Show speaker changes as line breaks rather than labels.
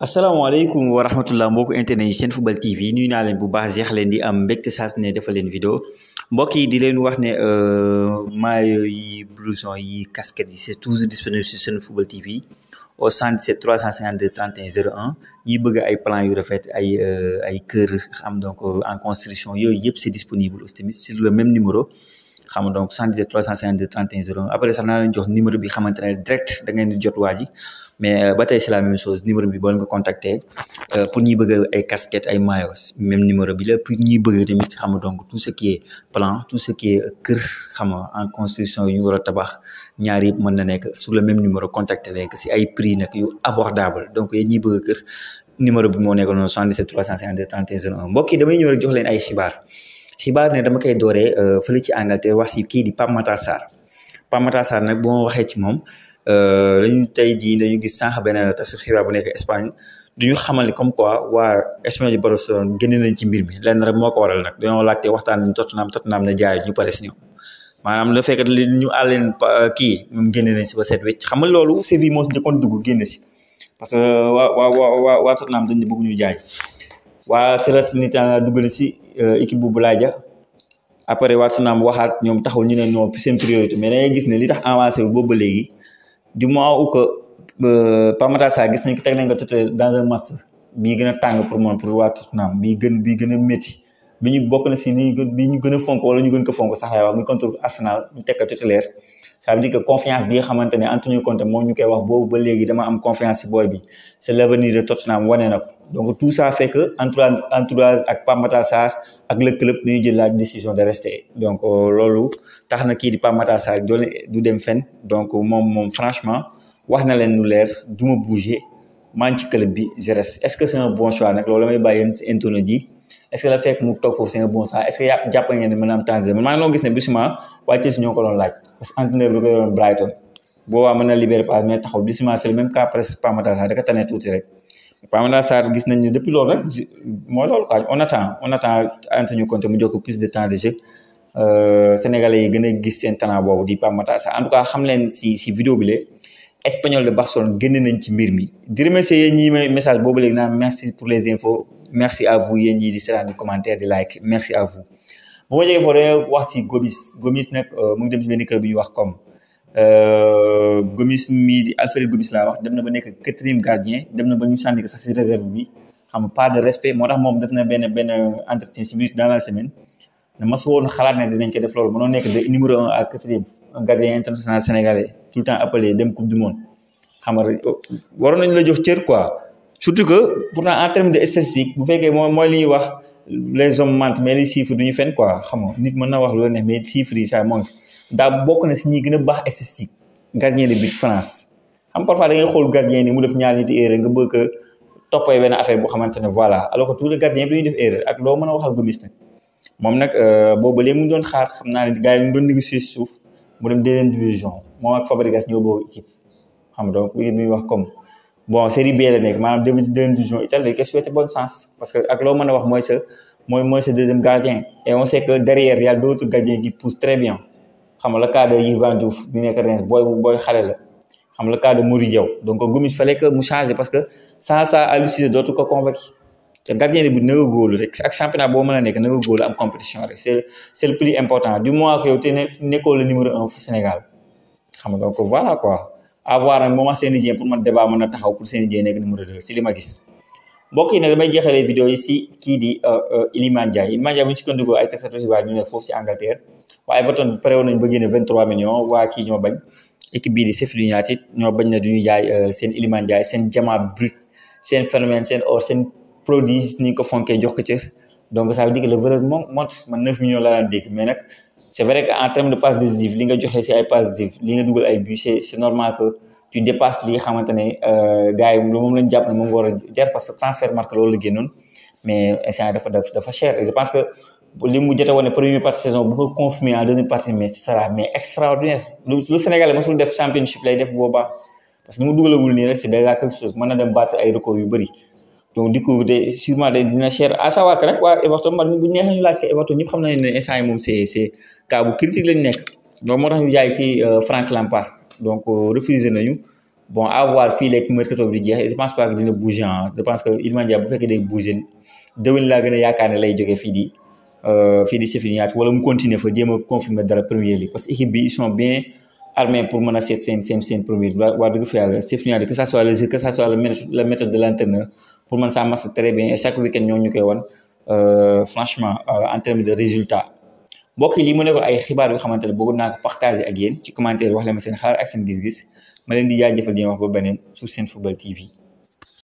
alaikum wa rahmatullah mbok internet chaîne football TV ñu naa leen bu baax jeex leen di am mbégte saa ne defal vidéo mbok yi di leen wax ne euh, maillot yi blouson yi casquette yi c'est toujours disponible sur chaîne football TV au 77 352 31 01 ñi bëgg ay plan yu rafet ay euh, ay cœur xam donc euh, en construction Il y c'est disponible aussi tamit sur le même numéro xam donc 77 352 31 01 après ça, nous leen jox numéro bi xamantene direct da ngay di jot mais euh, ba tey c'est la même chose numéro bi bon leen ko contacter euh, pour ñi bëgg ay casquettes ay maillots même numéro bi la pour ñi bëgg tamit xam donc tout ce qui est plan tout ce qui est cœur xam en construction ñu wara tabax ñaar yëp mën na nekk sur le même numéro contacter nek si ay prix nak yu abordable donc yéen ñi bëgg cœur numéro bi mo nekk noonu 77 352 31 01 mbokk damay ñëw rek jox leen ay xibaar xibaar ne dama koy dooree euh, fële ci Angleterre wax si kii di Pamata Matar Sarr Pape Matar Sarr nag bu ma waxee ci moom. Euh, lañu tey jii dañu gis sànq benn tasu xibaar bu nekk Espagne duñu xamal ni comme quoi waa Espagne di nañ ci mbir mi lenn rek moo ko waral nag dañoo laajte waxtaan nañ Tottenham Tottenham ne jaay ñu pare si ñoom maanaam da fekk li ñu àlleen euh, kii ñoom génne nañ si ba seet wecc xam nga loolu Séville moo si njëkkoon dugg génne si parce que waa waa waa waa Tottenham dañ bëgg ñu jaay waa Salernitana dugg na si euh, équipe bu Boulaye après waa Tottenham waxaat ñoom taxul ñu ne ñoo seen priorité mais da ngay gis ne wu boobu ba léegi du moment où que euh, Pape Matar Sarr gis nañ ko teg nañ ko tëdd dans un match bii gën a tàng pour moom pour waa Tottenham bii gën bi gën méti métti bi ñu bokk na si ni ñu gën bi ñu gën a fonk wala ñu gën ko fonk sax laay wax muy contre Arsenal ñu teg ko titulaire ça veut dire que confiance bi nga xamante Anthony Antonio Conte moo ñu koy wax boobu ba léegi dama am confiance si booy bi c'est l'avenir de Tottenham wane na ko donc tout ça fait que Antoine Antoine ak Pape Matar Sarr ak le club dañuy jël la décision de rester donc euh, Lolo t'as na qui di Pape Matar Sarr du dem donc mon mon franchement wax na leen lu leer me bouger maa ci club bi je reste est-ce que c'est un bon choix nag loolu la may bàyyi Antonio est-ce que la fekk mu toog foofu c'est da ko doon Brighton de temps de jeu euh, Sénégalais a gis seen talent di Pape Matar Sarr en tout cas xam leen si si bi de Barcelone génne nañ ci mbir mi message boobu léegi naan merci pour les infos merci à vous yéen di seetaan ni commentaire di like merci à vous bu ma jógee foofu wax si Gomis Gomis nag euh, mu ngi dem ci benn kër bi ñu wax comme euh Gomis mi di Alfred Gomis la wax dem na ba nekk quatrième gardien dem na ba ñu sànni ko sax si réserve bi xam pas de respect moo tax moom def na benn benn entretien si biir dans la semaine ne ma su woon xalaat ne dinañ ko def loolu mënoo nekk de numéro un à quatrième un gardien international sénégalais tout le temps appelé dem coupe du monde xam nga waroon nañu la jox cër quoi. surtout que pourtant en terme de statistique bu fekkee mooy mooy wax les hommes mentent mais les chiffres du ñu fen quoi xam nga nit mën na wax loolu ne mais chiffres yi ça bokk si ñi gën baax statistique gardien de but France xam parfois da ngay xool gardien ni mu def ñaar ñetti nga bëgg a toppee benn boo xamante ne voilà alors que tous les gardiens bi dañuy def erreur ak loo mën a waxal Gomis nag moom nag euh, boobu léegi mu doon xaar xam naa ne gars yi doon négocier suuf mu dem deuxième division moom ak Fabregas ñoo bokk équipe xam donc muy wax comme. bon série B la nek manam début deuxième division Italie dañ koy souhaité bon sens parce que ak lo meuna wax moy ce moy moy ce deuxième gardien et on sait que derrière il y a d'autres gardiens qui poussent très bien xam le cas de Ivan Diouf bi nekk Reims boy booy la xam le cas de Mory Diaw donc Gomis fallait que mu changé parce que sans ça Aliou Cissé d'autres ko convoqué te gardien bi na nga góolu rek ak championnat bo meuna nek na nga góolu am compétition rek c'est c'est le plus important du moins que yow te le numéro 1 au Sénégal xam nga donc voilà quoi avoir nag moment Seny Dieng pour man débat mën a taxaw pour Seny Dieng nekk numéro 2 si gis mbokk yi nag damay jeexalee vidéo yi si kii di euh, euh, Iliman Ndiaye Iliman Ndiaye bu ñu sukkandikoo ay taskatu xibaar ñu ne foofu si Angleterre waaye Everton pare woon nañu ba génne 23 millions waa kii ñoo bañ équipe bii di Sheffield United ñoo bañ na du ñu jaay euh, seen Iliman Ndiaye seen Diamant Brut seen phénomène seen or seen produit ni ñu ko fonkee jox ko cër donc ça veut dire que le valeur moom monte man 9 millions la daan c'est vrai qu'en termes de passe décisives li nga joxe si ay passes décisives li nga dugal ay c'est normal que tu dépasses li nga xamante ne euh, gars yi moom lañ jàpp ne parce que transfert marque loolu la mais c'est un dafa dafa cher et je pense que li mu jot a première partie saison bu ko confirmer en deuxième partie mais ce sera mais extraordinaire lu lu Sénégalais mosul def championship lay def boobaa parce que ni mu dugalagul nii c'est déjà quelque chose mën na dem battre ay records yu donc du coup sûrement dina à savoir que Everton man bu ñu like xam nañ c'est cas bu critique donc ñu euh, Frank Lampard donc euh, bon à voir mercato je pense pas que dina bouger hein. je pense que bu bouger a lay joggé fi di euh, fi di wala mu continuer fa confirmer Premier parce que ils sont bien armée pour mën a seet seen seen premier waa dëgg fi yàlla c'est final que ça la méthode de l'entraîneur pour man ça marche très bien et chaque week-end ñu koy wan euh, franchement euh, en de résultat mbokk yi lii mu nekkoon ay xibaar yoo xamante ne bëggoon naa ko partager ak yéen ci commentaire wax leen ma seen xalaat ak seen gis-gis ma leen di jaajëfal di wax ba beneen sur seen football TV.